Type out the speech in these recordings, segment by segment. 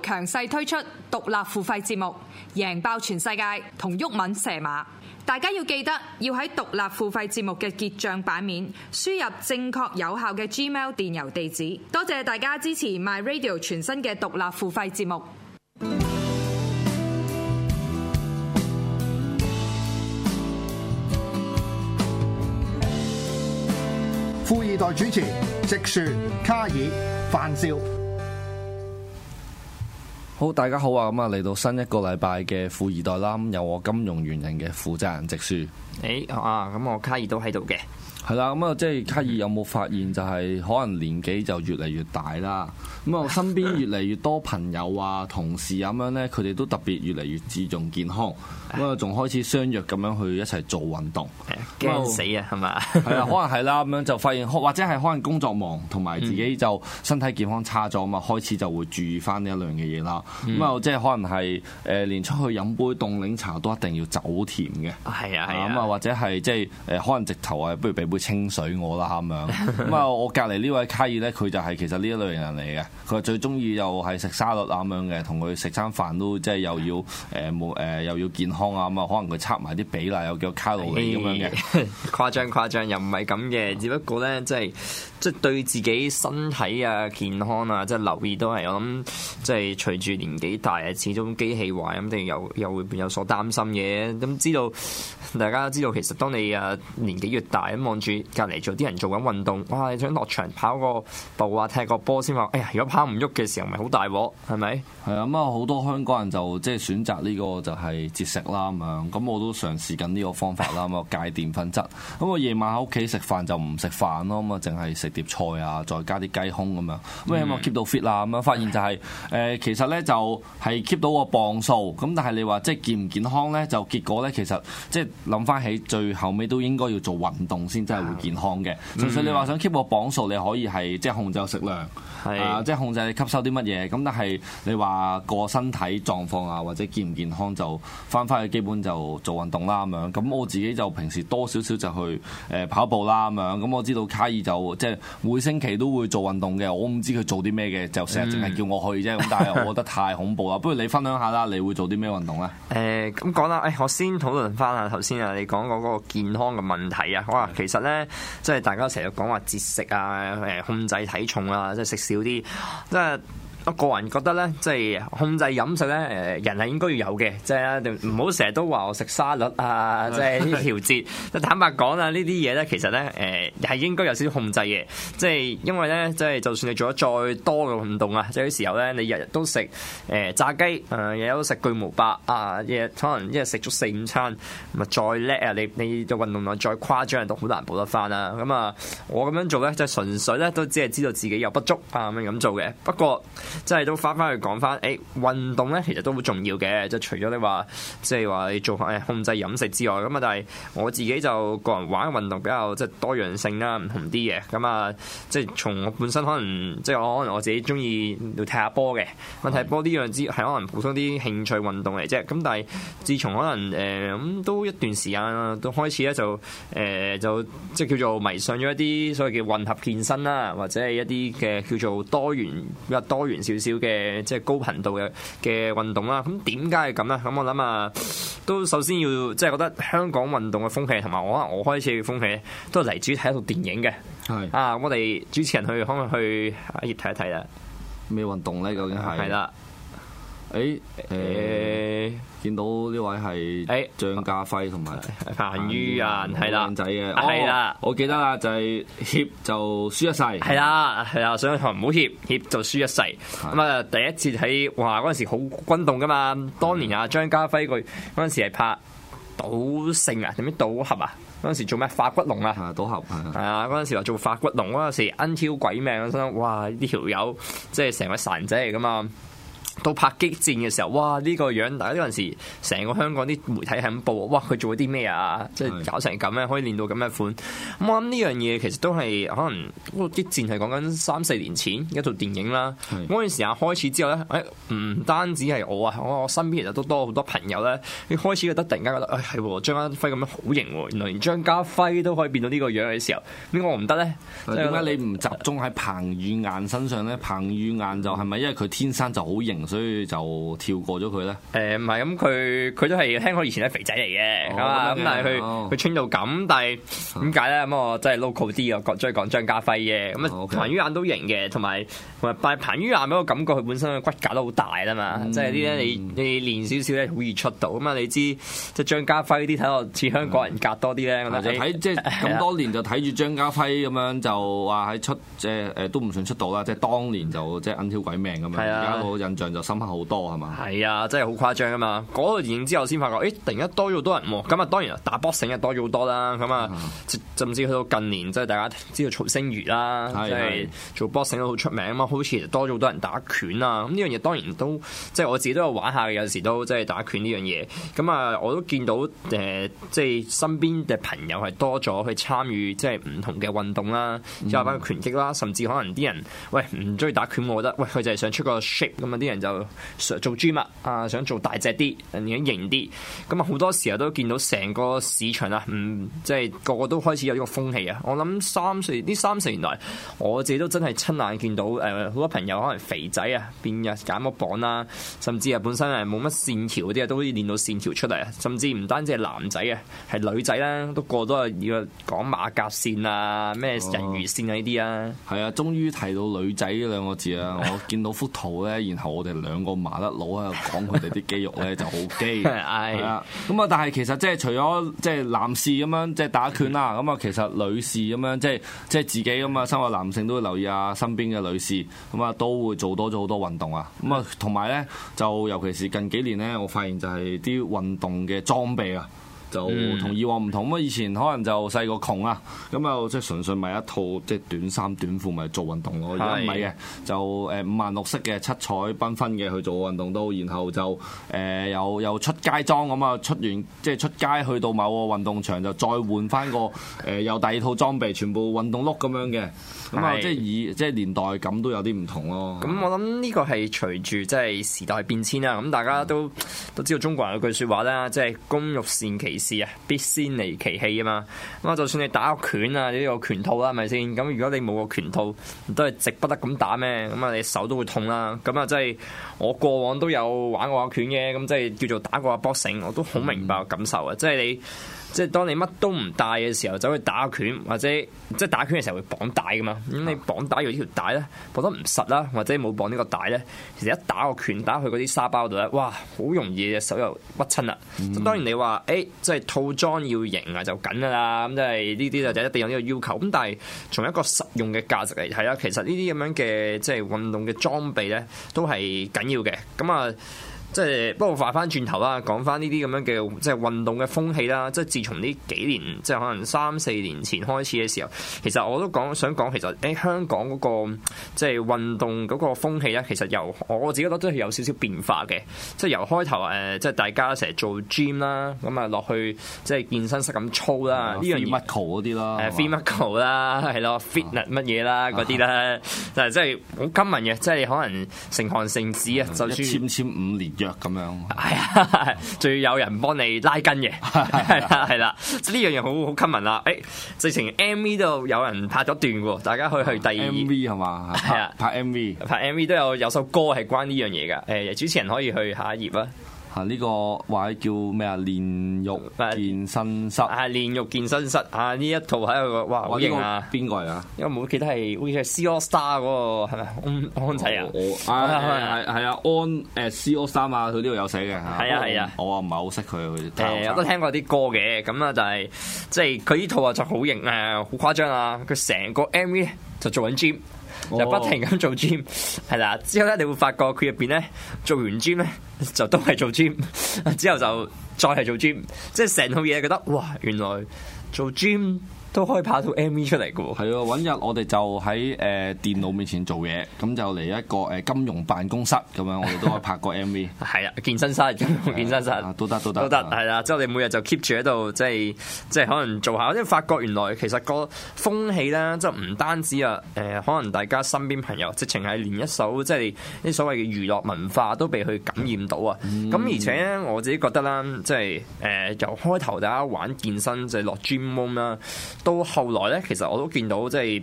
強勢推出獨立付費節目，贏爆全世界同毓民蛇馬。大家要記得要喺獨立付費節目嘅結賬版面輸入正確有效嘅 Gmail 電郵地址。多謝大家支持 My Radio 全新嘅獨立付費節目。富易袋主持：直樹、卡爾、范少。好，大家好啊！咁啊，嚟到新一個禮拜嘅富易袋啦，咁有我金融原人嘅負責人直樹。誒、哎、啊！咁我卡爾都喺度嘅。係啦，咁啊，即係卡爾有冇發現就係可能年紀就越嚟越大啦？咁啊，身邊越嚟越多朋友啊、同事咁樣呢，佢哋都特別越嚟越注重健康。咁啊，仲開始相約咁樣去一齊做運動，驚死啊，係咪、嗯？係啊，可能係啦，咁樣就發現，或者係可能工作忙，同埋自己就身體健康差咗嘛，開始就會注意翻呢一類嘅嘢啦。咁啊、嗯，即係可能係誒連出去飲杯凍檸茶都一定要走甜嘅，係啊，咁啊，啊、或者係即係誒可能直頭啊，不如俾杯清水我啦咁樣。咁啊，我隔離呢位卡爾咧，佢就係其實呢一類人嚟嘅，佢係最中意又係食沙律咁樣嘅，同佢食餐飯都即係又要誒冇誒又要健康。 咁啊，可能佢測埋啲比例，有幾多卡路里咁樣嘅，誇張誇張又唔係咁嘅，只不過咧即係即係對自己身體啊健康啊，即係留意都係我諗，即係隨住年紀大啊，始終機器壞咁，定又又會有所擔心嘅。咁知道大家都知道，其實當你啊年紀越大，咁望住隔離做啲人做緊運動，哇！你想落場跑個步啊，踢個波先話，哎呀，如果跑唔喐嘅時候，咪好大鑊係咪？係啊，咁啊好多香港人就即係選擇呢個就係節食。啦咁我都嘗試緊呢個方法啦。咁戒澱粉質，咁我夜晚喺屋企食飯就唔食飯咯，咁啊，淨係食碟菜啊，再加啲雞胸咁樣，咁你有冇 keep 到 fit 啦。咁啊，發現就係、是、誒，其實呢就係 keep 到個磅數，咁但係你話即係健唔健康呢？就結果呢，其實即係諗翻起最後尾都應該要做運動先真係會健康嘅。純粹你話想 keep 個磅數，你可以係即係控制食量。係啊，即係控制你吸收啲乜嘢咁，但係你話個身體狀況啊，或者健唔健康就翻返去基本就做運動啦咁樣。咁我自己就平時多少少就去誒跑步啦咁樣。咁我知道卡爾就即係每星期都會做運動嘅，我唔知佢做啲咩嘅，就成日淨係叫我去啫。咁、嗯、但係我覺得太恐怖啦。 不如你分享下啦，你會做啲咩運動咧？誒、呃，咁講啦，誒、哎，我先討論翻啊頭先啊，你講過嗰個健康嘅問題啊，哇，其實咧即係大家成日講話節食啊，誒，控制體重啊，即係食少啲，即係。我個人覺得咧，即係控制飲食咧，誒、呃、人係應該要有嘅，即係你唔好成日都話我食沙律啊， 啊即係呢調節。坦白講啊，呢啲嘢咧，其實咧，誒、呃、係應該有少少控制嘅，即係因為咧，即係就算你做咗再多嘅運動啊，即係有時候咧，你日日都食誒炸雞，日、呃、日都食巨無霸啊，日日可能一日食足四五餐，咁啊再叻啊你你嘅運動量再誇張都好難補得翻啦。咁啊，我咁樣做咧，就純粹咧都只係知道自己有不足啊咁樣咁做嘅。不過，即係都翻翻去講翻，誒、欸，運動咧其實都好重要嘅，即係除咗你話，即係話你做下控制飲食之外，咁啊，但係我自己就個人玩嘅運動比較即係多樣性啦，唔同啲嘅，咁、嗯、啊，即係從我本身可能，即係我可能我自己中意要踢下波嘅，咁踢波呢樣只係可能普通啲興趣運動嚟啫，咁但係自從可能誒咁、呃、都一段時間啦，都開始咧就誒、呃、就即係叫做迷上咗一啲所謂嘅混合健身啦，或者係一啲嘅叫做多元比較多元。少少嘅即係高頻度嘅嘅運動啦，咁點解係咁咧？咁我諗啊，都首先要即係覺得香港運動嘅風氣，同埋我可能我開始嘅風氣都係嚟自睇一套電影嘅。係是 啊，我哋主持人去可能去阿葉睇一睇啊，咩運動咧？究竟係？係啦。誒，誒、欸，見到呢位係誒張家輝同埋彭于晏，係啦， 靚仔啊。係啦，我記得啦，就係、是、協就輸一世，係啦，係啊，上台唔好協，協就輸一世。咁啊的，第一次睇哇嗰陣時好轟動噶嘛，當年啊張家輝佢嗰陣時係拍賭聖啊，定咩賭俠啊，嗰陣時做咩化骨龍啊，賭俠係啊，嗰陣時話做化骨龍嗰陣時，恩超鬼命，我真係哇呢條友，即係成個神仔嚟噶嘛。到拍激戰嘅時候，哇！呢、這個樣，大家呢陣時成個香港啲媒體係咁報，哇！佢做咗啲咩啊？即係搞成咁樣，可以練到咁嘅款。咁我諗呢樣嘢其實都係可能激戰係講緊三四年前一套電影啦。嗰陣是時啊開始之後咧，誒、哎、唔單止係我啊，我我身邊其實都多好多朋友咧。你開始覺得突然間覺得，誒係張家輝咁樣好型喎，原來連張家輝都可以變到呢個樣嘅時候，點解我唔得咧？點解你唔集中喺彭于晏身上咧？彭于晏就係咪因為佢天生就好型？所以就跳過咗佢咧。誒唔係咁，佢佢都係香港以前係肥仔嚟嘅，咁但係佢佢穿到咁，但係點解咧？咁我真係 local 啲啊，講中意講張家輝嘅。咁啊彭于晏都型嘅，同埋同埋彭于晏俾我感覺佢本身嘅骨架都好大啦嘛，即係啲咧你你練少少咧好易出道。咁啊！你知即係張家輝啲睇落似香港人格多啲咧，我就睇即係咁多年就睇住張家輝咁樣就話喺出即係誒都唔算出道啦，即係當年就即係揞鬼命咁樣，而家個印象。就深刻好多係嘛？係啊，真係好誇張啊嘛！嗰個電影之後先發覺，誒突然間多咗好多人喎。咁啊，當然啊，打 boxing 又多咗好多啦。咁啊，甚至去到近年，即係大家知道曹星如啦，即係做 boxing 都好出名啊嘛。好似多咗好多人打拳啊。咁呢樣嘢當然都即係我自己都有玩下嘅，有時都即係打拳呢樣嘢。咁啊，我都見到誒，即係身邊嘅朋友係多咗去參與即係唔同嘅運動啦，即係包括拳擊啦，甚至可能啲人喂唔中意打拳，我覺得喂佢就係想出個 shape 咁啊，啲人。就想做 gym 啊，想做大隻啲，誒、嗯、型啲。咁啊，好多時候都見到成個市場啊，嗯，即、就、係、是、個個都開始有呢個風氣啊。我諗三四呢三四年原來我自己都真係親眼見到誒好、呃、多朋友可能肥仔啊變啊減骨磅啦，甚至啊本身係冇乜線條啲啊，都可以練到線條出嚟啊。甚至唔單止係男仔啊，係女仔啦，都個個都係要講馬甲線啊，咩人魚線啊呢啲啊。係啊，終於提到女仔呢兩個字啊，我見到幅圖咧，然後我哋。 兩個麻甩佬啊，講佢哋啲肌肉咧就好基，係啦。咁啊，但係其實即係除咗即係男士咁樣即係打拳啦，咁啊，其實女士咁樣即係即係自己咁啊，身為男性都會留意啊，身邊嘅女士咁啊，都會做多咗好多運動啊。咁啊，同埋咧就尤其是近幾年咧，我發現就係啲運動嘅裝備啊。就同以往唔同，啊以前可能就細個窮啊，咁啊即係純粹咪一套即係短衫短褲咪做運動咯。而家唔係嘅，就誒五顏六色嘅、七彩繽紛嘅去做運動都，然後就誒又、呃、又出街裝咁啊，出完即係出街去到某個運動場就再換翻個誒、呃、又第二套裝備全部運動 look 咁樣嘅，咁啊是即係以即係年代感都有啲唔同咯。咁我諗呢個係隨住即係時代變遷啦，咁、嗯、大家都都知道中國人有句說話啦，即係工欲善其事啊，必先利其器啊嘛。咁啊，就算你打個拳啊，你都有拳套啦，係咪先？咁如果你冇個拳套，都係值不得咁打咩？咁啊，你手都會痛啦。咁啊，即係我過往都有玩過個拳嘅，咁即係叫做打過 boxing，我都好明白感受啊。嗯、即係你。即係當你乜都唔帶嘅時候，走去打拳或者即係打拳嘅時候會綁帶㗎嘛。咁你綁帶住果條帶咧綁得唔實啦，或者冇綁呢個帶咧，其實一打個拳打去嗰啲沙包度咧，哇！好容易隻手又屈親啦。咁、嗯、當然你話誒、欸，即係套裝要型啊，就緊啦。咁即係呢啲就一定有呢個要求。咁但係從一個實用嘅價值嚟睇啦，其實呢啲咁樣嘅即係運動嘅裝備咧，都係緊要嘅。咁啊～即係不過快翻轉頭啦，講翻呢啲咁樣嘅即係運動嘅風氣啦。即係自從呢幾年，即係可能三四年前開始嘅時候，其實我都講想講，其實喺香港嗰個即係運動嗰個風氣咧，其實由我自己覺得都係有少少變化嘅。即係由開頭誒，即係大家成日做 gym 啦，咁啊落去即係健身室咁操啦，呢樣 fitness 啲咯，誒啦，係咯乜嘢啦，啲啦，就係真係好金文嘅，即係可能成行成市啊，就算五年。咁樣，係啊，仲要有人幫你拉筋嘅 了，係啦，係啦，即呢樣嘢好好 common 啦。誒，直情 M V 都有人拍咗段喎， 大家可以去第二 M V 係嘛？係啊 了，拍 M V，拍 M V 都有有首歌係關呢樣嘢㗎。誒， 主持人可以去下一頁啊。吓？呢個話叫咩啊？練獄健身室？係練獄健身室啊！呢一套喺度，哇好型啊！邊個嚟啊？因為冇記得係好似係 C AllStar 嗰個係咪？安仔啊，我係係啊安，誒 C AllStar 啊，佢呢度有寫嘅吓，係啊係啊，我啊唔係好識佢誒，我都聽過啲歌嘅，咁啊就係即係佢呢套啊就好型啊，好誇張啊！佢成個 MV 就做緊 gym，就不停咁做 gym，係啦，之後咧你會發覺佢入邊咧做完 gym 咧就都係做 gym，之後就再係做 gym，即係成套嘢覺得哇，原來做 gym。都可以拍套 MV 出嚟嘅喎，係啊，搵日我哋就喺誒電腦面前做嘢，咁就嚟一個誒金融辦公室咁樣，我哋都可以拍個 MV。係啊， 健身室，健身室都得都得，都得，係啦行。之後你每日就 keep 住喺度，即係即係可能做下，因為發覺原來其實個風氣咧，即係唔單止啊誒，可能大家身邊朋友，直情係連一首即係啲所謂嘅娛樂文化都被佢感染到啊。咁、嗯、而且呢我自己覺得啦，即係誒由開頭大家玩健身就落 gym room 啦。就是到後來咧，其實我都見到即係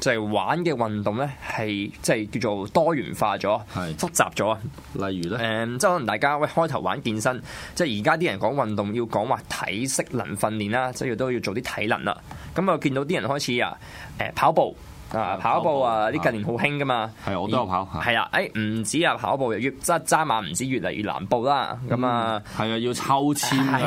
即係玩嘅運動咧，係即係叫做多元化咗、複雜咗啊。例如咧，誒、嗯，即係可能大家喂、哎、開頭玩健身，即係而家啲人講運動要講話體適能訓練啦，即係都要做啲體能啦。咁啊，見到啲人開始啊，誒、嗯、跑步。跑步啊！啲近年好興㗎嘛，係我都有跑。係啊，誒唔止啊跑步，越即揸馬唔止越嚟越難步啦，咁、嗯、啊。係啊的，要抽籤啊，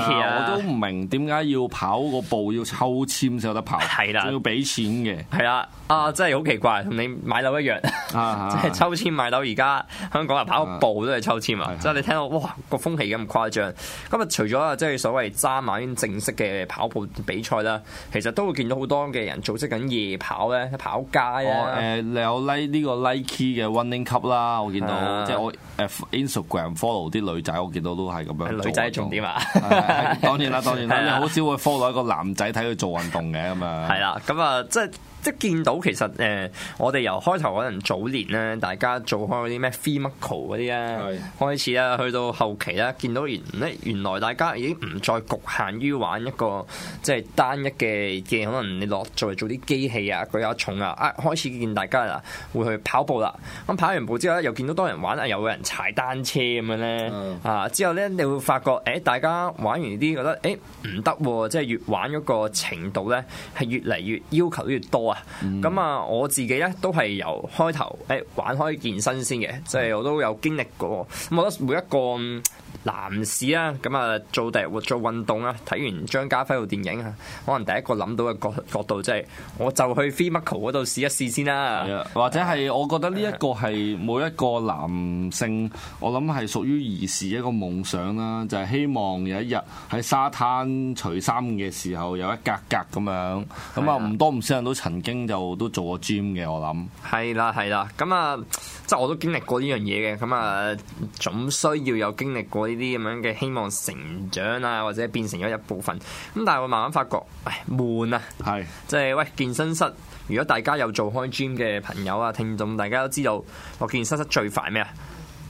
我都唔明點解要跑個步要抽籤就有得跑，仲的要俾錢嘅。係啊，啊真係好奇怪，同你買樓一樣，啊、 即係抽籤買樓。而家香港人啊，跑個步都係抽籤啊，即係你聽到嘩個風氣咁誇張。咁啊，除咗即係所謂揸馬啲正式嘅跑步比賽啦，其實都會見到好多嘅人組織緊夜跑咧，跑。哦，誒、呃、有 like 呢個 Nike 嘅 Running Cup 啦，我見到，啊、即係我誒 Instagram follow 啲女仔，我見到都係咁樣，女仔重點啊 當？當然啦，當然啦，你好少會 follow 一個男仔睇佢做運動嘅咁樣。係啦，咁啊，即係。即係見到其實誒、呃、我哋由開頭可能早年咧，大家做開啲咩 FreeMoco 嗰啲啊，的開始啊，去到後期咧，見到原咧原來大家已經唔再局限於玩一個即係單一嘅嘅，可能你落作做啲機器啊、舉下重啊，啊開始見大家啦會去跑步啦。咁跑完步之後咧，又見到多人玩啊，又有人踩單車咁樣咧的啊，之後咧你會發覺誒、欸、大家玩完啲覺得誒唔得喎，即係越玩嗰個程度咧係越嚟越要求越多啊。越來越來越多。咁啊，嗯、我自己咧都係由開頭誒、欸、玩開健身先嘅，嗯、即係我都有經歷過。咁我覺得每一個男士啊，咁啊做第活做運動啊，睇完張家輝部電影啊，可能第一個諗到嘅角角度即係，我就去 free muscle 嗰度試一試先啦。或者係我覺得呢一個係每一個男性，的我諗係屬於兒時一個夢想啦，就係希望有一日喺沙灘除衫嘅時候有一格格咁樣，咁啊的，唔多唔少人都曾經就都做過 gym 嘅，我諗。係啦係啦，咁啊，即係我都經歷過呢樣嘢嘅，咁啊總需要有經歷過。啲咁樣嘅希望成長啊，或者變成咗一部分。咁但係我慢慢發覺，唉，悶啊，係是、就是，即係喂，健身室。如果大家有做開 gym 嘅朋友啊，聽眾大家都知道，我健身室最煩咩啊？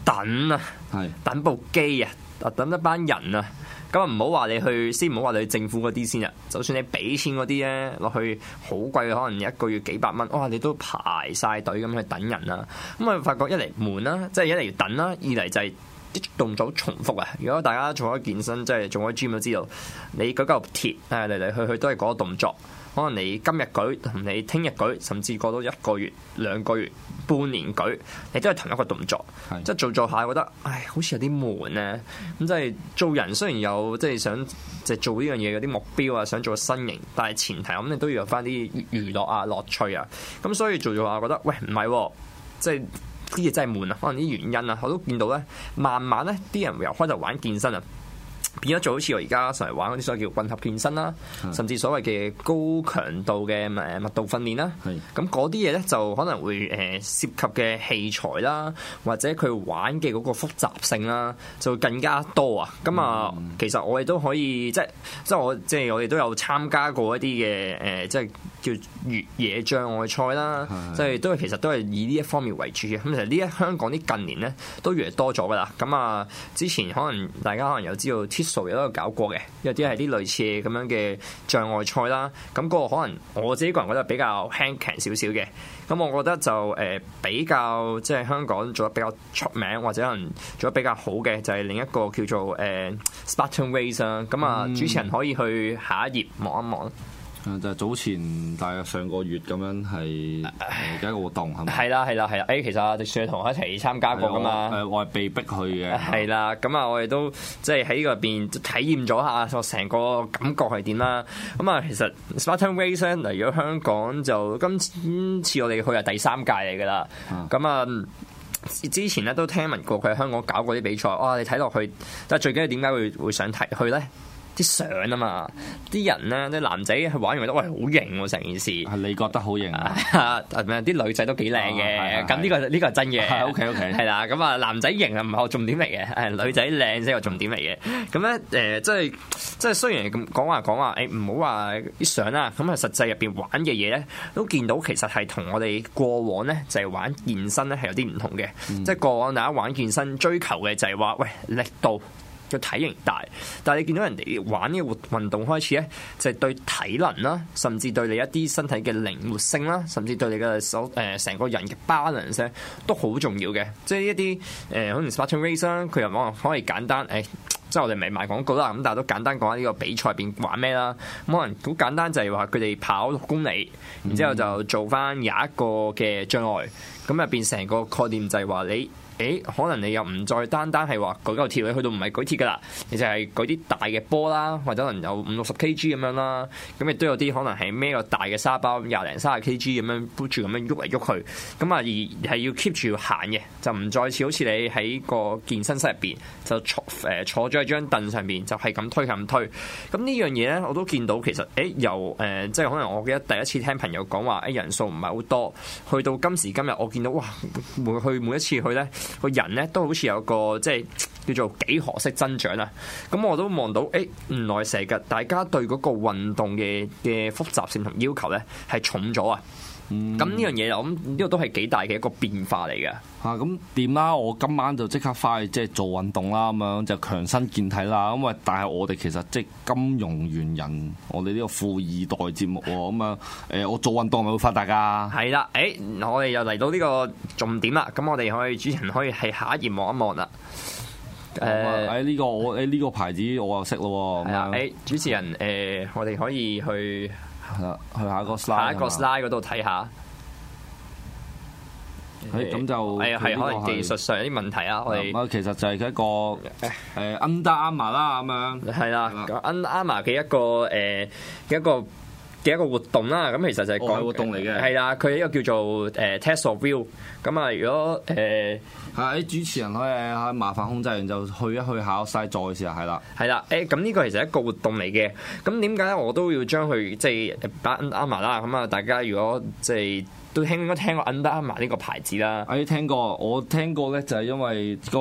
等啊，係，是 等部機啊，等一班人啊。咁啊，唔好話你去，先唔好話你去政府嗰啲先啊。就算你俾錢嗰啲咧，落去好貴，可能一個月幾百蚊，哇，你都排晒隊咁去等人啊。咁啊，發覺一嚟悶啦，即、就、係、是、一嚟等啦，二嚟就係、是。啲動作重複啊！如果大家做咗健身，即係做咗 gym 都知道，你舉嚿鐵，誒嚟嚟去去都係嗰個動作。可能你今日舉同你聽日舉，甚至過多一個月、兩個月、半年舉，你都係同一個動作。是即係做做下，覺得，唉，好似有啲悶咧、啊。咁即係做人，雖然有即係想即係做呢樣嘢有啲目標啊，想做個身形，但係前提咁你都要有翻啲娛樂啊、樂趣啊。咁所以做做下覺得，喂，唔係、啊，即係。啲嘢真係悶啊，可能啲原因啊，我都見到咧，慢慢咧啲人由開就玩健身啊。變咗做好似我而家常嚟玩嗰啲所謂叫混合健身啦，是的 甚至所謂嘅高強度嘅誒密度訓練啦，咁嗰啲嘢咧就可能會誒涉及嘅器材啦，或者佢玩嘅嗰個複雜性啦，就更加多啊！咁啊，其實我哋都可以即我即我即我哋都有參加過一啲嘅誒，即叫越野障礙賽啦，即都其實都係以呢一方面為主嘅。咁其實呢一香港啲近年咧都越嚟多咗㗎喇。咁啊，之前可能大家可能有知道。都有搞過嘅，有啲係啲類似咁樣嘅障礙賽啦。咁個可能我自己個人覺得比較輕強少少嘅。咁我覺得就誒比較即係香港做得比較出名或者可能做得比較好嘅，就係另一個叫做誒 Spartan Race 啊。咁 啊樂，主持人可以去下一頁望一望。就係早前，大概上個月咁樣係而家個活動係咪？係啦唉，係啦，係啦！誒，其實阿迪尚同我一齊參加過㗎嘛。誒，我係被逼去嘅。係啦，咁啊，我哋都即係喺呢個入邊體驗咗下，我成個感覺係點啦？咁、嗯、啊，其實 Spartan Race 嚟咗香港就今次我哋去係第三屆嚟㗎啦。咁啊、嗯，之前咧都聽聞過佢喺香港搞過啲比賽，哇！你睇落去，但最緊要點解會會想睇去咧？啲相啊嘛，啲人咧即係男仔去玩完覺得，喂好型喎成件事、啊。你覺得好型啊？係咪啲 女仔都幾靚嘅？咁呢、啊啊、個呢個係真嘅。係、啊、OK OK。 係啦，咁啊男仔型啊唔係我重點嚟嘅，係女仔靚先係重點嚟嘅。咁咧誒，即係即係雖然咁講啊講啊，誒唔好話啲相啦，咁啊實際入邊玩嘅嘢咧都見到，其實係同我哋過往咧就係、是、玩健身咧係有啲唔同嘅。即係、嗯、過往大家玩健身追求嘅就係話喂力度。佢體型大，但係你見到人哋玩嘅活運動開始咧，就係、是、對體能啦，甚至對你一啲身體嘅靈活性啦，甚至對你嘅手誒成、呃、個人嘅 balance 都好重要嘅。即係一啲可能 Spartan Race 啦，佢又可能可以簡單誒、哎，即係我哋唔係賣廣告啦，咁但係都簡單講下呢個比賽入邊玩咩啦。咁可能好簡單，就係話佢哋跑六公里，然之後就做翻廿一個嘅障礙，咁入邊成個概念就係話你。誒，可能你又唔再單單係話舉個鐵嘅，你去到唔係舉鐵噶啦，你就係舉啲大嘅波啦，或者可能有五六十 kg 咁樣啦，咁亦都有啲可能係孭個大嘅沙包，廿零三十 kg 咁樣 keep 住咁樣喐嚟喐去，咁啊而係要 keep 住行嘅，就唔再似好似你喺個健身室入邊就坐誒、呃、坐咗喺張凳上邊就係咁推咁推，咁呢樣嘢咧我都見到其實誒由誒即係可能我記得第一次聽朋友講話誒人數唔係好多，去到今時今日我見到哇，每去每一次去咧。個人咧都好似有個即係叫做幾何式增長啦，咁我都望到，誒、欸、唔耐射㗎大家對嗰個運動嘅嘅複雜性同要求咧係重咗啊！咁呢、嗯、樣嘢，我諗呢個都係幾大嘅一個變化嚟嘅。吓咁點啦？我今晚就即刻翻去即係、就是、做運動啦，咁樣就強身健體啦。咁啊，但係我哋其實即係、就是、金融元人，我哋呢個富二代節目喎，咁啊，誒、欸，我做運動係咪會發達噶、啊。係啦、啊，誒、欸，我哋又嚟到呢個重點啦。咁我哋可以，主持人可以喺下一頁望一望啦。誒、啊，誒、欸，呢、這個我誒呢、欸這個牌子我又識咯。係啊，誒、欸，主持人，誒、呃，我哋可以去。係啦，去下個 slide，下一個 slide 嗰度睇下。誒咁就係啊，係可能技術上有啲問題啊。 我哋其實就係一個誒 under armour 啦，咁樣係啦，under armour 嘅一個誒嘅一個。嘅一個活動啦，咁其實就係、改、活動嚟嘅，係啦，佢係一個叫做誒 test of view，咁啊，如果誒係主持人可以麻煩控制完就去一去考晒座嘅時候係啦，係啦，誒咁呢個其實係一個活動嚟嘅，咁點解我都要將佢即係擺啱埋啦？咁啊，大家如果即係。都聽應該聽過 Under Armour 呢個牌子啦，誒聽過，我聽過咧就係因為嗰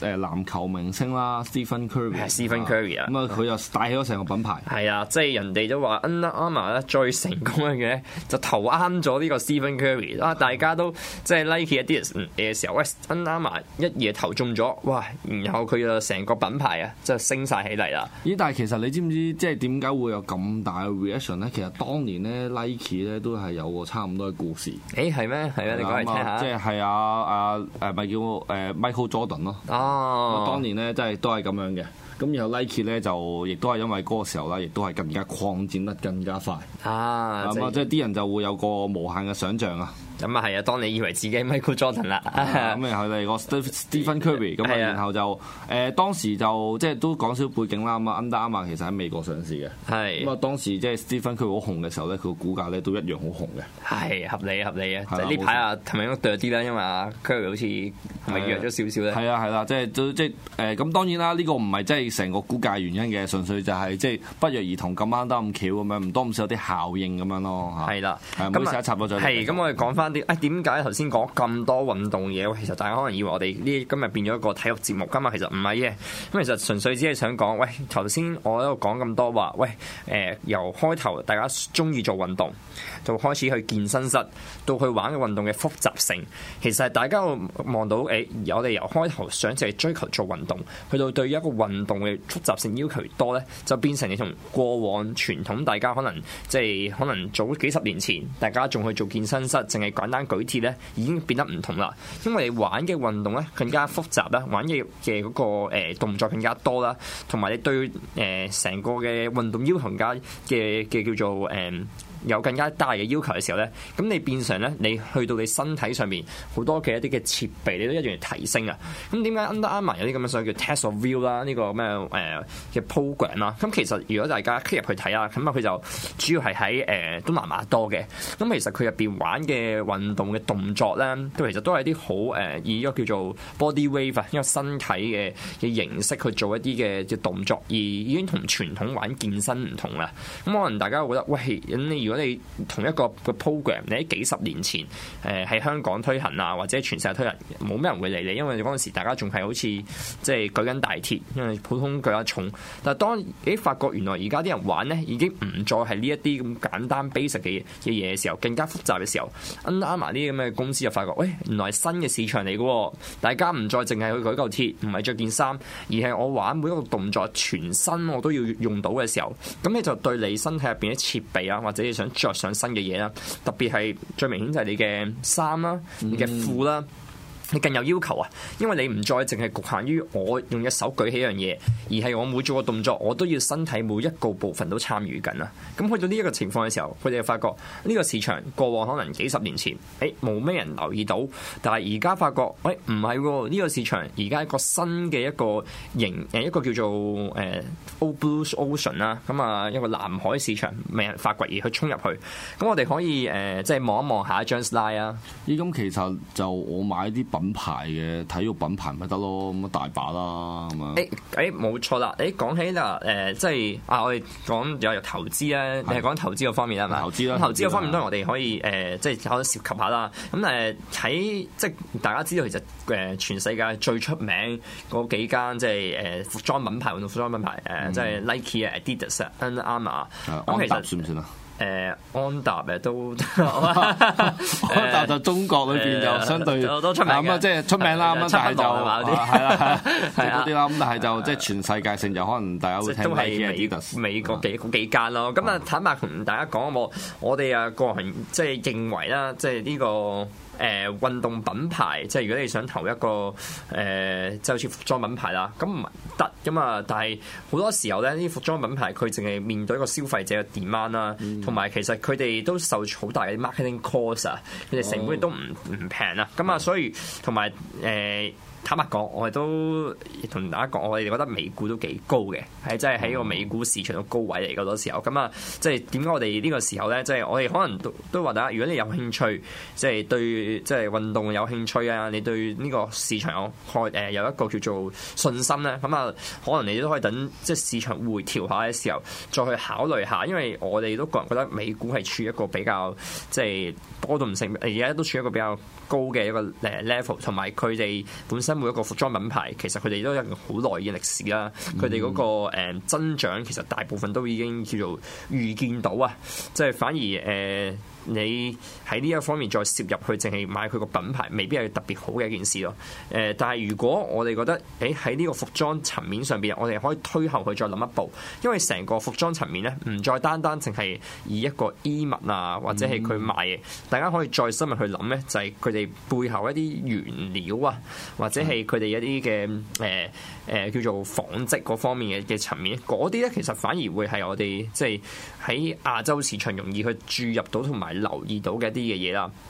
個誒籃球明星啦 Stephen Curry，係 Stephen、啊、Curry 啊，咁啊佢又帶起咗成個品牌、嗯，係啊，即係人哋都話 Under Armour 咧最成功嘅，嘢，就投啱咗呢個 Stephen Curry 啊，大家都即係 Nike 一啲嘅時候、哎、Under Armour 一夜投中咗，哇！然後佢就成個品牌啊就升晒起嚟啦。咦、嗯？但係其實你知唔知即係點解會有咁大嘅 reaction 咧？其實當年咧 Nike 咧都係有個差唔多嘅故事。誒係咩？係咩？對你講嚟聽下。即係係啊，啊誒咪、啊、叫誒、啊、Michael Jordan 咯。哦，當年咧，即係都係咁樣嘅。咁然後 Nike 咧就亦都係因為嗰個時候咧，亦都係更加擴展得更加快。啊，咁啊，即係啲人就會有個無限嘅想像啊。咁啊係啊，當你以為自己 Michael Jordan 啦，咁然後你個 Stephen Curry，咁啊，然後就誒當時就即係都講少背景啦。咁啊，Under Armour 其實喺美國上市嘅。係。咁啊，當時即係 Stephen Curry 好紅嘅時候咧，佢個股價咧都一樣好紅嘅。係合理，合理啊。係。呢排啊，係咪因為 drop 啲啦？因為啊，Curry 好似係咪弱咗少少咧？係啊，係啦，即係都即係誒。咁當然啦，呢個唔係真係。成個估價原因嘅，純粹就係即係不約而同咁啱得咁巧咁樣，唔多唔少有啲效應咁樣咯嚇。係啦的，咁係咁，我哋講翻啲，誒點解頭先講咁多運動嘢？其實大家可能以為我哋呢今日變咗一個體育節目，今日其實唔係嘅，咁其實純粹只係想講，喂頭先我喺度講咁多話，喂誒、呃、由開頭大家中意做運動，到開始去健身室，到去玩嘅運動嘅複雜性，其實大家都望到，誒、欸、我哋由開頭想淨係追求做運動，去到對一個運動。同嘅複雜性要求多咧，就變成你同過往傳統大家可能即係可能早幾十年前大家仲去做健身室，淨係簡單舉鐵咧，已經變得唔同啦。因為你玩嘅運動咧更加複雜啦，玩嘅嘅嗰個誒動作更加多啦，同埋你對誒成個嘅運動要求更加嘅嘅叫做誒。嗯有更加大嘅要求嘅時候咧，咁你變成咧，你去到你身體上面好多嘅一啲嘅設備你都一定要提升啊。咁點解 Under Armour 有啲咁嘅嘢叫 Test of View 啦？呢個咩誒嘅 Program 啦？咁其實如果大家 click 入去睇啊，咁啊佢就主要係喺誒東麻亞多嘅。咁其實佢入邊玩嘅運動嘅動作咧，都其實都係一啲好誒以一個叫做 Body Wave 啊，一個身體嘅嘅形式去做一啲嘅嘅動作，而已經同傳統玩健身唔同啦。咁可能大家會覺得喂，咁你要？如果你同一個個 program，你喺幾十年前，誒、呃、喺香港推行啊，或者全世界推行，冇咩人會理你，因為嗰陣時大家仲係好似即係舉緊大鐵，因為普通舉重。但係當你發覺原來而家啲人玩呢，已經唔再係呢一啲咁簡單 basic 嘅嘅嘢嘅時候，更加複雜嘅時候，n a m 呢啲咁嘅公司就發覺，喂、哎，原來係新嘅市場嚟嘅喎，大家唔再淨係去舉嚿鐵，唔係着件衫，而係我玩每一個動作全身我都要用到嘅時候，咁你就對你身體入邊嘅設備啊，或者想著上新嘅嘢啦，特別係最明顯就係你嘅衫啦、你嘅褲啦。嗯你更有要求啊，因為你唔再淨係局限於我用隻手舉起一樣嘢，而係我每做個動作，我都要身體每一個部分都參與緊啊。咁去到呢一個情況嘅時候，佢哋就發覺呢個市場過往可能幾十年前，誒冇咩人留意到，但係而家發覺誒唔係喎，呢個市場而家一個新嘅一個型，誒一個叫做誒、欸、Old Blue Ocean 啦，咁啊一個藍海市場未人發掘而去衝入去。咁我哋可以誒、欸、即係望一望下一張 slide 啊。咦，咁其實就我買啲品牌嘅體育品牌咪得咯，咁啊大把啦，咁啊、哎。誒、哎、誒，冇錯啦。誒、哎，講起啦，誒、呃，即係啊，我哋講又有投資咧，是你係講投資個方面係嘛？投資資啦，投資個方面當然我哋可以誒、呃，即係可以涉及下啦。咁、嗯、誒，喺即係大家知道，其實誒，全世界最出名嗰幾間即係誒、呃，服裝品牌或者運動服裝品牌誒，即係 Nike 啊、Adidas 啊、嗯、n a m a 啊、嗯、安踏算唔算啊？誒，安踏嘅都安踏，就中國裏邊就相對都出名，咁啊即係出名啦，咁但係就係啦，係嗰啲啦，咁但係就即係全世界性就可能大家會聽，都係美美國幾幾間咯。咁啊，坦白同大家講我我哋啊個人即係認為啦，即係呢個。誒運動品牌，即係如果你想投一個即、呃、就係、好似服裝品牌啦，咁唔得咁啊！但係好多時候咧，啲服裝品牌佢淨係面對一個消費者嘅 demand 啦，同、嗯、埋其實佢哋都受好大嘅 marketing cost 啊，佢哋成本都唔唔平啦，咁啊，所以同埋誒。坦白講，我哋都同大家講，我哋覺得美股都幾高嘅，係真係喺個美股市場嘅高位嚟嘅好多時候。咁啊，即係點解我哋呢個時候咧？即係我哋可能都都話，大家，如果你有興趣，即係對即係運動有興趣啊，你對呢個市場有開誒有一個叫做信心咧。咁啊，可能你都可以等即係市場回調下嘅時候，再去考慮下。因為我哋都個人覺得美股係處一個比較即係波動性，而家都處一個比較高嘅一個誒 level，同埋佢哋本身。每一個服裝品牌，其實佢哋都有好耐嘅歷史啦。佢哋嗰個增長，其實大部分都已經叫做預見到啊。即係反而誒。呃你喺呢一方面再涉入去，淨係買佢個品牌，未必係特別好嘅一件事咯。誒，但係如果我哋覺得誒喺呢個服裝層面上邊，我哋可以推後去再諗一步，因為成個服裝層面咧，唔再單單淨係以一個衣物啊，或者係佢賣嘢，大家可以再深入去諗咧，就係佢哋背後一啲原料啊，或者係佢哋一啲嘅誒誒叫做紡織嗰方面嘅嘅層面，嗰啲咧其實反而會係我哋即係喺亞洲市場容易去注入到同埋。留意到嘅一啲嘅嘢啦。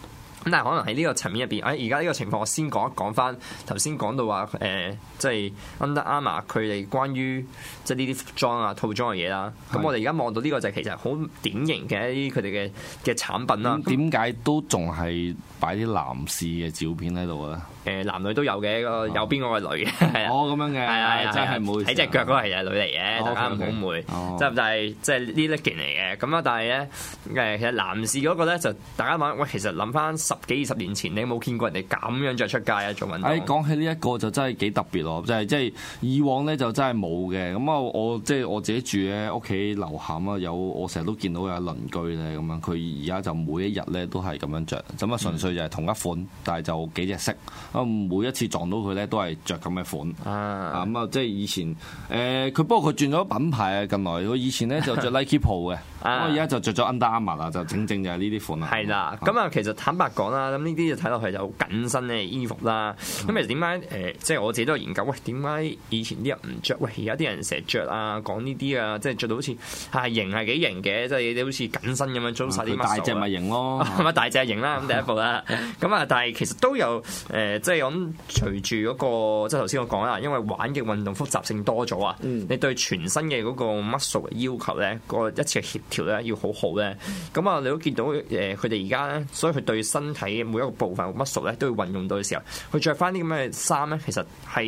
咁但係可能喺呢個層面入邊，誒而家呢個情況，我先講一講翻頭先講到話誒，即、呃、係、就是、Under Armour 佢哋關於即係呢啲服裝啊套裝嘅嘢啦。咁是 我哋而家望到呢個就其實好典型嘅一啲佢哋嘅嘅產品啦。點解都仲係擺啲男士嘅照片喺度啊？誒、呃，男女都有嘅，有個右邊嗰個女嘅，係、 哦哦、 啊，哦咁樣嘅，係啊，真係睇隻腳嗰個係啊女嚟嘅，okay，哦、大家唔好誤會就、okay，哦、但係即係呢 legging 嚟嘅，咁啊，但係咧誒，其實男士嗰個咧就大家問，喂，其實諗翻。十幾二十年前，你有冇見過人哋咁樣着出街啊？做運動。誒、這個，講起呢一個就真係幾特別咯，就係即係以往咧就真係冇嘅。咁啊，我即係我自己住咧屋企樓下啊，有我成日都見到有鄰居咧咁樣，佢而家就每一日咧都係咁樣着。咁啊純粹就係同一款，但係就幾隻色啊。每一次撞到佢咧，都係着咁嘅款啊。咁啊、嗯，即係以前誒，佢、呃、不過佢轉咗品牌啊。近來佢以前咧就着 Nike 鋪嘅，咁啊，而家就着咗 Under Armour 啦，就整正就係呢啲款啦。係啦、嗯，咁啊，其實坦白講。講啦，咁呢啲就睇落去就緊身嘅衣服啦。咁其實點解？誒即係我自己都有研究，喂點解以前啲人唔着？喂而家啲人成日着啊？講呢啲啊，即係着到好似係、啊、型係幾、啊、型嘅，即係你好似緊身咁樣，操晒啲大隻咪型咯，係咪 大隻型啦？咁 第一步啦。咁啊，但係其實都有誒，即係講隨住嗰、那個，即係頭先我講啦，因為玩嘅運動複雜性多咗啊，嗯、你對全身嘅嗰個 muscle 要求咧，那個一次協調咧要好好咧。咁啊，你都見到誒，佢哋而家所以佢對身身體嘅每一個部分嘅 muscle 咧，都要運用到嘅時候，佢着翻啲咁嘅衫咧，其實係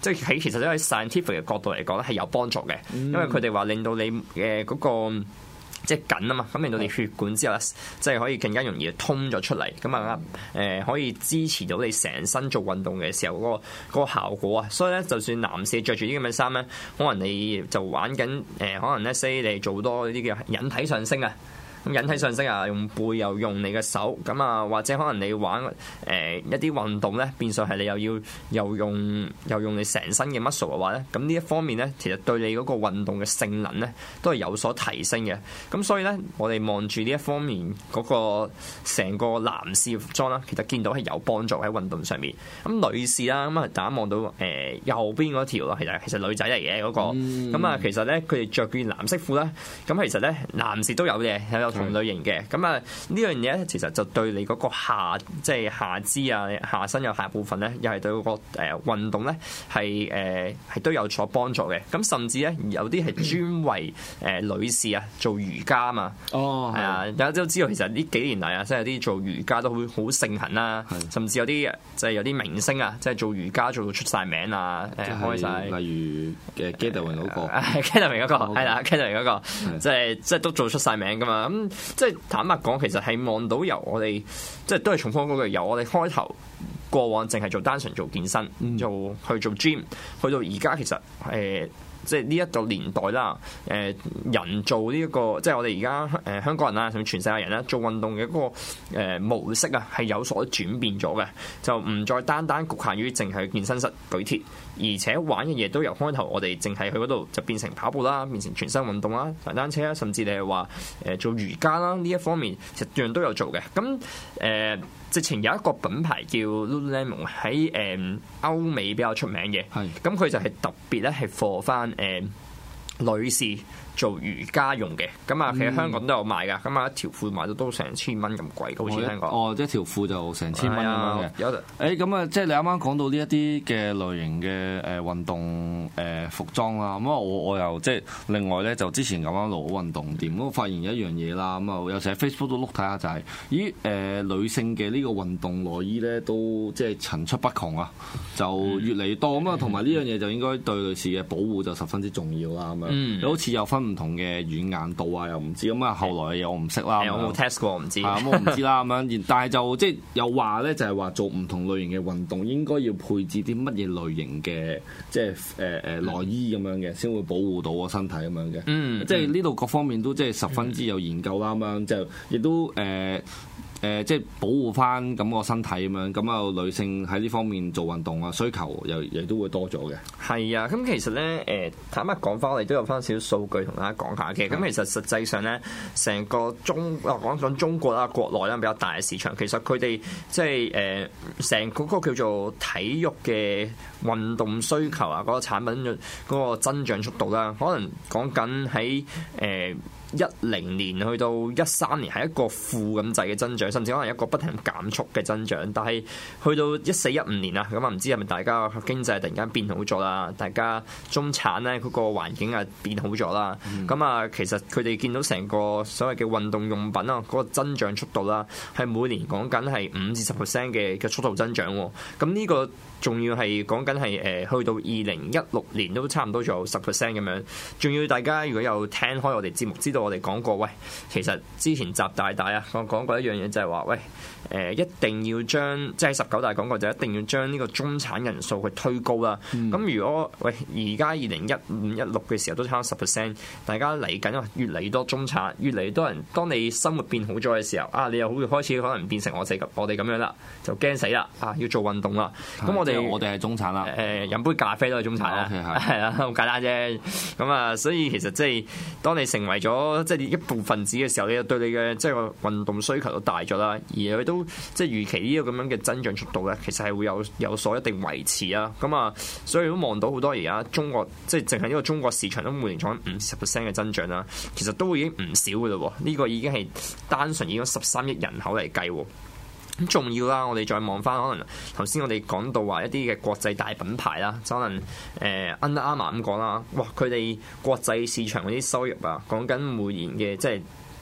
即係喺其實都喺 scientific 嘅角度嚟講咧，係有幫助嘅，因為佢哋話令到你嘅嗰、嗰個即係緊啊嘛，咁令到你血管之後咧，即係可以更加容易通咗出嚟，咁啊誒可以支持到你成身做運動嘅時候嗰、嗰個、嗰個效果啊，所以咧就算男士着住啲咁嘅衫咧，可能你就玩緊誒，可能咧 say 你做多啲叫引體上升啊。引體上升啊，用背又用你嘅手，咁啊或者可能你玩誒、呃、一啲運動咧，變相係你又要又用又用你成身嘅 muscle 嘅話咧，咁呢一方面咧，其實對你嗰個運動嘅性能咧，都係有所提升嘅。咁所以咧，我哋望住呢一方面嗰個成個男士服裝啦，其實見到係有幫助喺運動上面。咁女士啦，咁啊大家望到誒、呃、右邊嗰條，其實其實女仔嚟嘅嗰個，咁啊、嗯嗯嗯嗯、其實咧佢哋着件藍色褲啦，咁其實咧男士都有嘅。有 Sí. 同類型嘅咁啊，呢樣嘢咧，其實就對你嗰個下即係下肢啊、下身有下部分咧，又係對嗰個誒運動咧係誒係都有所幫助嘅。咁甚至咧有啲係專為誒女士啊做瑜伽啊嘛，哦，係啊，大家都知道其實呢幾年嚟啊，即係有啲做瑜伽都好好盛行啊，甚至有啲即係有啲明星啊，即係做瑜伽做到出晒名啊，誒開曬，例如嘅 Katerine 嗰個，係 Katerine 嗰個，係啦，Katerine 嗰個，即係即係都做出曬名噶嘛。嗯、即係坦白講，其實係望到由我哋即係都係重複嗰句，由我哋開頭過往淨係做單純做健身，做去做 gym，去到而家其實誒、呃，即係呢一個年代啦，誒、呃、人做呢、這、一個即係我哋而家誒香港人啦，甚至全世界人啦，做運動嘅一、嗰個誒、呃、模式啊，係有所轉變咗嘅，就唔再單單局限於淨係健身室舉鐵。而且玩嘅嘢都由開頭，我哋淨係去嗰度就變成跑步啦，變成全身運動啦，踩單車啦，甚至你係話誒做瑜伽啦呢一方面，其實樣樣都有做嘅。咁誒、呃，直情有一個品牌叫 Lululemon 喺誒、呃、歐美比較出名嘅，咁佢是就係特別咧係 for 翻誒女士，做瑜伽用嘅，咁、嗯、啊，其實香港都有賣㗎，咁啊一條褲賣到都成千蚊咁貴，好似聽講。哦，即條褲就成千蚊咁樣嘅。有，誒，咁啊那對、哎，即係你啱啱講到呢一啲嘅類型嘅誒運動誒服裝啦，咁啊，我我又即係另外咧，就之前咁樣做運動店，咁我發現一樣嘢啦，咁啊，有時喺 Facebook 都 look 睇下就係、是，咦誒、呃、女性嘅呢個運動內衣咧都即係層出不窮啊，就越嚟越多咁啊，同埋呢樣嘢就應該對女士嘅保護就十分之重要啦，咁樣。嗯。你好似有分。唔同嘅軟硬度啊，又唔知咁啊。後來又我唔識啦，有冇 test 過唔知啊。咁我唔知啦咁樣。然但係就即係又話咧，就係話做唔同類型嘅運動應該要配置啲乜嘢類型嘅即係誒誒內衣咁樣嘅，先會保護到個身體咁樣嘅。嗯，即係呢度各方面都即係十分之有研究啦。咁樣就亦都誒。呃誒，即係保護翻咁個身體咁樣，咁啊女性喺呢方面做運動啊，需求又亦都會多咗嘅。係啊，咁其實咧，誒，坦白講翻，我哋都有翻少少數據同大家講下嘅。咁是的 其實實際上咧，成個中啊講緊中國啦，國內咧比較大嘅市場，其實佢哋即係誒，成、呃、嗰個叫做體育嘅運動需求啊，嗰、嗰個產品嘅個增長速度啦，可能講緊喺誒。呃一零年去到一三年係一個負咁滯嘅增長，甚至可能一個不停減速嘅增長。但係去到一四一五年啊，咁啊唔知係咪大家經濟突然間變好咗啦？大家中產咧嗰個環境啊變好咗啦。咁啊，其實佢哋見到成個所謂嘅運動用品啊嗰個增長速度啦，係每年講緊係五至十 percent 嘅嘅速度增長。咁呢個仲要係講緊係誒，去到二零一六年都差唔多仲有十 percent 咁樣。仲要大家如果有聽開我哋節目，知道我哋講過，喂，其實之前習大大啊，我講過一樣嘢就係話，喂。誒一定要將即係十九大講過就一定要將呢個中產人數去推高啦。咁、嗯、如果喂而家二零一五一六嘅時候都差唔多十 percent，大家嚟緊越嚟多中產，越嚟多人。當你生活變好咗嘅時候，啊你又好開始可能變成我哋咁我哋咁樣啦，就驚死啦啊！要做運動啦。咁、嗯、我哋我哋係中產啦，誒飲、呃、杯咖啡都係中產啦，係啊好簡單啫。咁、嗯、啊，所以其實即、就、係、是、當你成為咗即係一部分子嘅時候，你就對你嘅即係運動需求都大咗啦，而都即係預期呢個咁樣嘅增長速度咧，其實係會有有所一定維持啦、啊。咁啊，所以都望到好多而家中，中國，即係淨係呢個中國市場都每年攞五十 percent 嘅增長啦、啊，其實都已經唔少嘅咯、啊。呢、呢個已經係單純以咗十三億人口嚟計、啊，咁重要啦、啊！我哋再望翻，可能頭先我哋講到話一啲嘅國際大品牌啦、啊，就可能誒、呃、Under Armour 咁講啦、啊，哇！佢哋國際市場嗰啲收入啊，講緊每年嘅即係。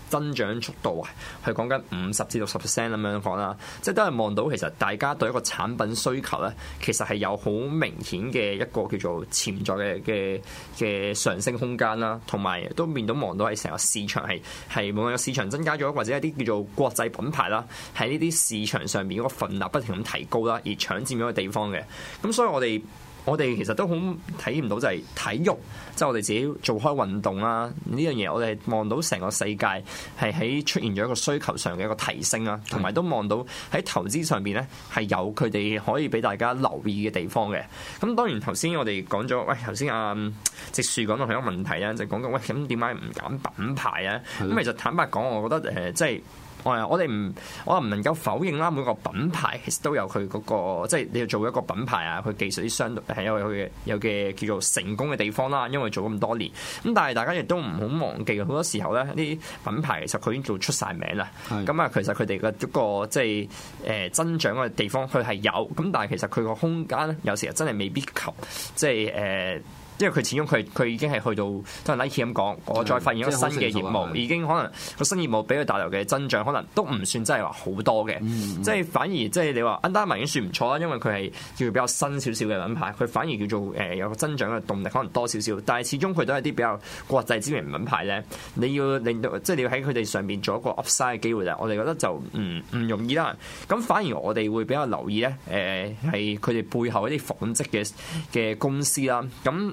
增長速度啊，係講緊五十至六十 percent 咁樣講啦，即係都係望到其實大家對一個產品需求咧，其實係有好明顯嘅一個叫做潛在嘅嘅嘅上升空間啦，同埋都面到望到係成個市場係係冇個市場增加咗，或者一啲叫做國際品牌啦，喺呢啲市場上面嗰個份額不停咁提高啦，而搶佔咗個地方嘅咁，所以我哋。我哋其實都好體驗到就係體育，即係我哋自己做開運動啦。呢樣嘢我哋望到成個世界係喺出現咗一個需求上嘅一個提升啊，同埋都望到喺投資上邊咧係有佢哋可以俾大家留意嘅地方嘅。咁當然頭先我哋講咗，喂，頭先阿直樹講到佢個問題啊，就講到，喂，咁點解唔揀品牌啊？咁其實坦白講，我覺得誒，即係。我哋唔我唔能夠否認啦。每個品牌其實都有佢嗰、那個，即係你要做一個品牌啊。佢技術啲相對係因為佢有嘅有嘅叫做成功嘅地方啦。因為做咁多年咁，但係大家亦都唔好忘記好多時候咧，呢啲品牌其實佢已經做出晒名啦。咁啊是，其實佢哋嘅一個即係誒、呃、增長嘅地方，佢係有咁，但係其實佢個空間有時候真係未必及，即係誒。呃因為佢始終佢佢已經係去到，即係 Nike 咁講，我再發現咗新嘅業務，已經可能個新業務俾佢帶來嘅增長，可能都唔算真係話好多嘅、嗯。即係反而即係你話 Under Armour 已經算唔錯啦，因為佢係叫比較新少少嘅品牌，佢反而叫做誒、呃、有個增長嘅動力可能多少少。但係始終佢都係啲比較國際知名品牌咧，你要令到即係你要喺佢哋上面做一個 Upside 嘅機會咧，我哋覺得就唔唔、嗯、容易啦。咁反而我哋會比較留意咧，誒係佢哋背後一啲紡織嘅嘅公司啦。咁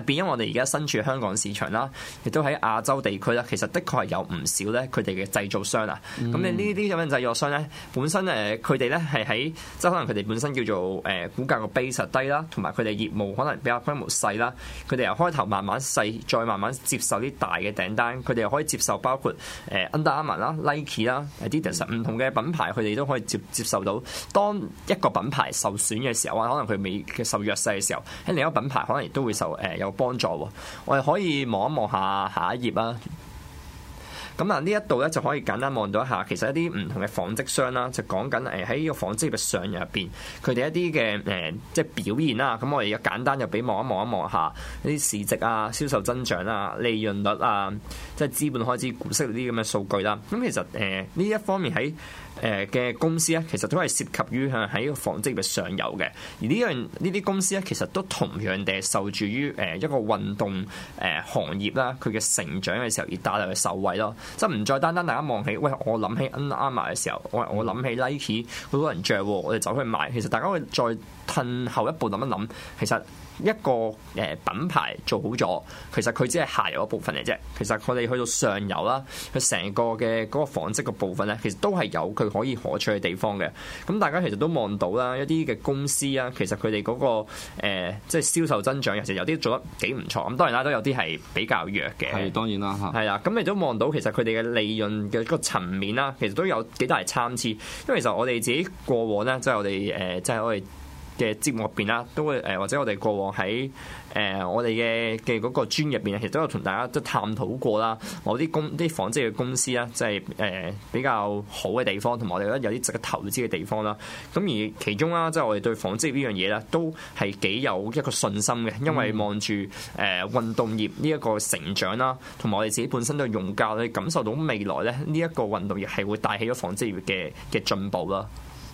變咗我哋而家身處香港市場啦，亦都喺亞洲地區啦，其實的確係有唔少咧佢哋嘅製造商啊。咁你呢啲咁嘅製造商咧，本身誒佢哋咧係喺即係可能佢哋本身叫做誒股價嘅 base 實低啦，同埋佢哋業務可能比較規模細啦。佢哋由開頭慢慢細，再慢慢接受啲大嘅訂單，佢哋又可以接受包括誒 Under Armour 啦、like 嗯、Nike 啦、Adidas 唔同嘅品牌，佢哋都可以接接受到。當一個品牌受損嘅時候啊，可能佢未受弱勢嘅時候，喺另一個品牌可能亦都會受誒有幫助喎，我哋可以望一望下下一頁啦。咁啊，呢一度咧就可以簡單望到一下，其實一啲唔同嘅紡織商啦，就講緊誒喺呢個紡織業嘅上游入邊，佢哋一啲嘅誒即係表現啦。咁我哋而家簡單就俾望一望一望下呢啲市值啊、銷售增長啊、利潤率啊、即係資本開支、股息呢啲咁嘅數據啦。咁其實誒呢一方面喺。誒嘅公司咧，其實都係涉及於喺喺個紡織業嘅上游嘅，而呢樣呢啲公司咧，其實都同樣地受住於誒一個運動誒行業啦，佢嘅成長嘅時候而帶來嘅受惠咯，即係唔再單單大家望起，喂，我諗起阿馬嘅時候，我我諗起 Nike 好多人着喎，我哋走去買，其實大家會再褪後一步諗一諗，其實。一個誒品牌做好咗，其實佢只係下游一部分嚟啫。其實佢哋去到上游啦，佢成個嘅嗰個紡織嘅部分咧，其實都係有佢可以可取嘅地方嘅。咁大家其實都望到啦，一啲嘅公司啊，其實佢哋嗰個呃即係銷售增長，其實有啲做得幾唔錯。咁當然啦，都有啲係比較弱嘅。係當然啦，嚇。係啊，咁你都望到，其實佢哋嘅利潤嘅個層面啦，其實都有幾大參差。因為其實我哋自己過往咧，即係我哋誒，即係我哋。即係我嘅節目入邊啦，都會誒、呃、或者我哋過往喺誒、呃、我哋嘅嘅嗰個專業入邊咧，其實都有同大家都探討過啦。我啲公啲紡織嘅公司啦，即係誒比較好嘅地方，同埋我哋覺得有啲值得投資嘅地方啦。咁而其中啦，即、就、係、是、我哋對紡織呢樣嘢咧，都係幾有一個信心嘅，因為望住誒運動業呢一個成長啦，同埋我哋自己本身都用家，咧感受到未來咧呢一個運動業係會帶起咗紡織業嘅嘅進步啦。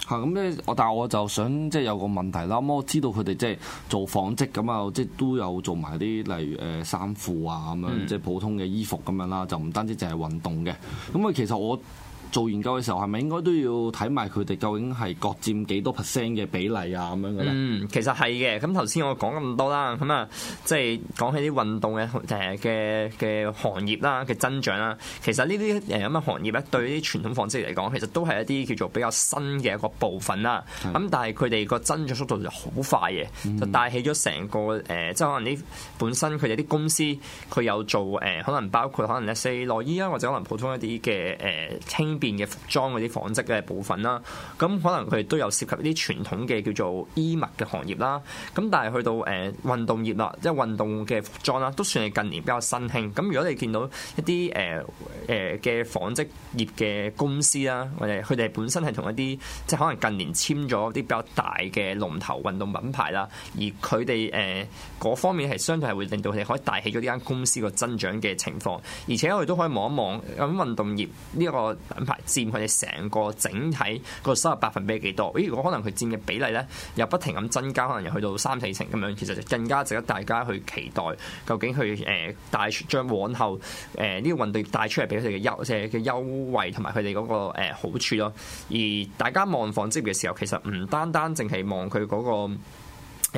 嚇！咁咧，我但係我就想即係有個問題啦。咁我知道佢哋即係做紡織咁啊，即係都有做埋啲例如誒衫褲啊咁樣，即係普通嘅衣服咁樣啦。就唔單止淨係運動嘅。咁啊，其實我～做研究嘅時候，係咪應該都要睇埋佢哋究竟係各佔幾多 percent 嘅比例啊？咁樣嘅咧。嗯，其實係嘅。咁頭先我講咁多啦，咁啊，即係講起啲運動嘅誒嘅嘅行業啦嘅增長啦，其實呢啲誒咁嘅行業咧？對啲傳統紡織嚟講，其實都係一啲叫做比較新嘅一個部分啦。咁但係佢哋個增長速度就好快嘅，就帶起咗成個誒、呃、即係可能啲本身佢哋啲公司佢有做誒可能包括可能 l e 內衣啊，或者可能普通一啲嘅誒清。呃邊嘅服裝嗰啲紡織嘅部分啦，咁可能佢哋都有涉及啲傳統嘅叫做衣物嘅行業啦。咁但係去到誒運動業啦，即係運動嘅服裝啦，都算係近年比較新興，咁如果你見到一啲誒誒嘅紡織業嘅公司啦，或者佢哋本身係同一啲即係可能近年簽咗啲比較大嘅龍頭運動品牌啦，而佢哋誒嗰方面係相對係會令到佢哋可以帶起咗呢間公司個增長嘅情況，而且我哋都可以望一望咁運動業呢個品牌。佔佢哋成個整體個收入百分比係幾多？咦，如果可能佢佔嘅比例咧又不停咁增加，可能又去到三四成咁樣。其實就更加值得大家去期待，究竟佢誒帶將往後誒呢、呃這個運動帶出嚟俾佢哋嘅優即嘅優惠同埋佢哋嗰個、呃、好處咯。而大家望房職業嘅時候，其實唔單單淨係望佢嗰個、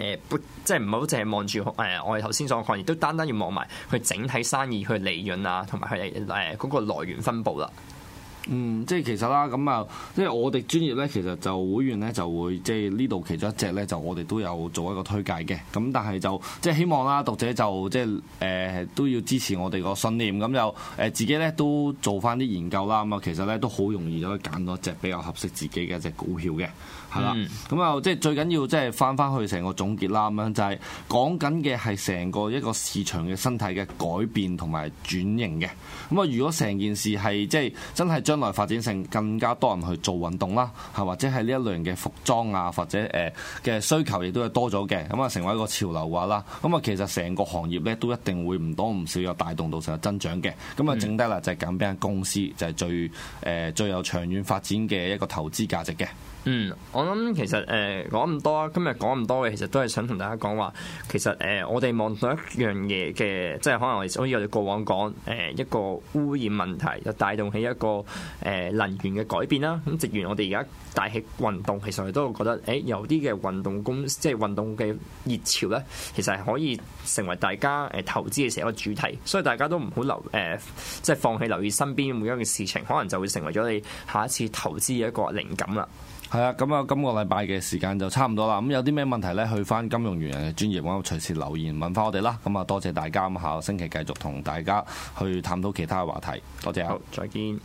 呃、即係唔好淨係望住誒我哋頭先所講，亦都單單要望埋佢整體生意佢利潤啊，同埋佢誒嗰個來源分佈啦。嗯，即係其實啦，咁啊，即係我哋專業咧，其實就會員咧就會即係呢度其中一隻咧，就我哋都有做一個推介嘅。咁但係就即係希望啦，讀者就即係誒都要支持我哋個信念，咁就誒自己咧都做翻啲研究啦。咁啊，其實咧都好容易可以揀到一隻比較合適自己嘅一隻股票嘅。係啦，咁啊，即 係樂最緊要即係翻翻去成個總結啦，咁樣就係講緊嘅係成個一個市場嘅身體嘅改變同埋轉型嘅。咁啊，如果成件事係即係真係將來發展成更加多人去做運動啦，係或者係呢一類型嘅服裝啊，或者誒嘅需求亦都係多咗嘅，咁啊成為一個潮流話啦。咁啊，其實成個行業咧都一定會唔多唔少有帶動到成個增長嘅。咁啊，剩低啦就係揀邊間公司就係、係、最誒最有長遠發展嘅一個投資價值嘅。嗯， 咁其實誒講咁多，今日講咁多嘅，其實都係想同大家講話，其實誒、呃、我哋望到一樣嘢嘅，即係可能好似我哋過往講誒、呃、一個污染問題，就帶動起一個誒、呃、能源嘅改變啦。咁直言，我哋而家帶起運動，其實我哋都會覺得，誒、欸、有啲嘅運動公司，即係運動嘅熱潮咧，其實係可以成為大家誒投資嘅成個主題。所以大家都唔好留誒、呃，即係放棄留意身邊每一樣嘅事情，可能就會成為咗你下一次投資嘅一個靈感啦。係啊，咁啊，今個禮拜嘅時間就差唔多啦。咁有啲咩問題呢？去翻金融員人嘅專業網，咁隨時留言問翻我哋啦。咁啊，多謝大家。咁下個星期繼續同大家去探討其他嘅話題。多謝啊。好，再見。